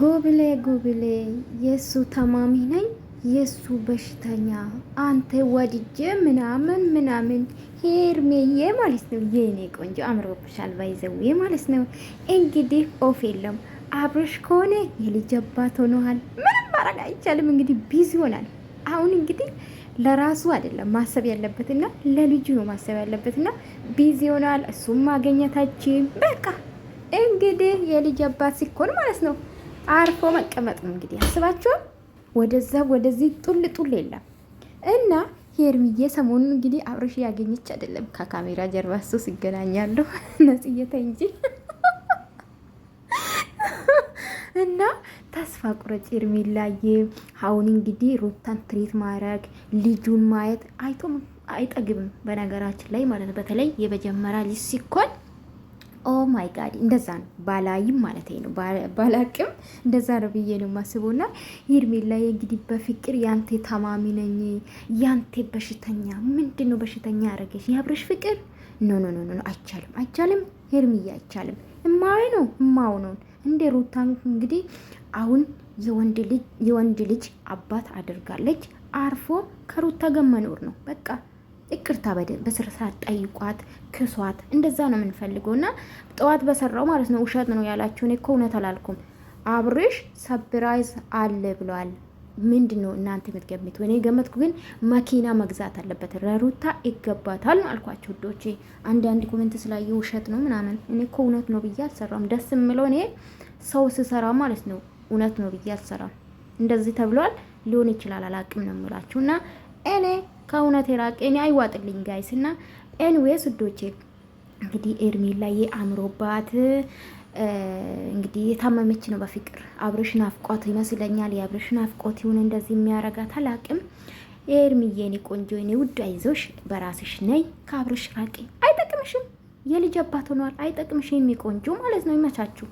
ጉብሌ ጉብሌ የእሱ ታማሚ ነኝ የእሱ በሽተኛ አንተ ወድጄ ምናምን ምናምን ሄርሜዬ ማለት ነው። የኔ ቆንጆ አምሮብሻል፣ ባይዘው ማለት ነው። እንግዲህ ኦፍ የለም አብረሽ ከሆነ የልጅ አባት ሆነሃል። ምንም ማድረግ አይቻልም። እንግዲህ ቢዚ ይሆናል። አሁን እንግዲህ ለራሱ አይደለም ማሰብ ያለበትና ለልጁ ነው ማሰብ ያለበትና ቢዚ ይሆናል። እሱም ማገኘታችን በቃ እንግዲህ የልጅ አባት ሲኮን ማለት ነው አርፎ መቀመጥ ነው እንግዲህ አስባችሁ። ወደዛ ወደዚህ ጡል ጡል የለም እና ሄርሚዬ ሰሞኑን እንግዲህ አብረሽ ያገኘች አይደለም ከካሜራ ጀርባ እሱ ሲገናኛሉ ነጽየተ እንጂ እና ተስፋ ቁረጭ ሄርሜላዬ። አሁን እንግዲህ ሩታን ትሪት ማድረግ ልጁን ማየት አይቶም አይጠግብም። በነገራችን ላይ ማለት በተለይ የመጀመሪያ ልጅ ሲኮን ኦ ማይ ጋድ እንደዛ ነው። ባላይም ማለት ነው ባላቅም እንደዛ ነው ብዬ ነው የማስበው። እና ሄርሜላ እንግዲህ በፍቅር ያንቴ ታማሚ ነኝ ያንቴ በሽተኛ ምንድን ነው በሽተኛ ያደረገች የአብረሽ ፍቅር ኖ ኖ ኖ ኖ፣ አይቻልም አይቻልም፣ ሄርሚዬ አይቻልም። እማዊ ነው እማው ነው እንደ ሩታን እንግዲህ አሁን የወንድ ልጅ አባት አድርጋለች። አርፎ ከሩታ ጋር መኖር ነው በቃ ይቅርታ በስነ ጠይቋት፣ ክሷት። እንደዛ ነው የምንፈልገው። እና ጠዋት በሰራው ማለት ነው ውሸት ነው ያላችሁ፣ እኔ እኮ እውነት አላልኩም። አብርሽ ሰብራይዝ አለ ብሏል። ምንድን ነው እናንተ የምትገምት? እኔ ገመትኩ፣ ግን መኪና መግዛት አለበት ለሩታ ይገባታል ነው አልኳቸው። ውዶቼ አንዳንድ ኮሜንት ስላየ ውሸት ነው ምናምን፣ እኔ እኮ እውነት ነው ብዬ አልሰራም። ደስ የምለው እኔ ሰው ስሰራ ማለት ነው እውነት ነው ብዬ አልሰራም። እንደዚህ ተብሏል ሊሆን ይችላል፣ አላቅም ነው የምላችሁ እና እኔ ከእውነት የራቀ እኔ አይዋጥልኝ ጋይስ። እና ኤንዌስ ውዶቼ እንግዲህ ኤርሜላ የአምሮባት እንግዲህ የታመመች ነው በፍቅር አብረሽ ናፍቆት ይመስለኛል። የአብረሽ ናፍቆት ይሁን እንደዚህ የሚያረጋት አላቅም። ኤርሚዬ የኔ ቆንጆ የኔ ውድ አይዞሽ፣ በራስሽ ነይ፣ ከአብረሽ ራቂ። አይጠቅምሽም። የልጅ አባት ሆኗል። አይጠቅምሽ የሚቆንጆ ማለት ነው። ይመቻችሁ።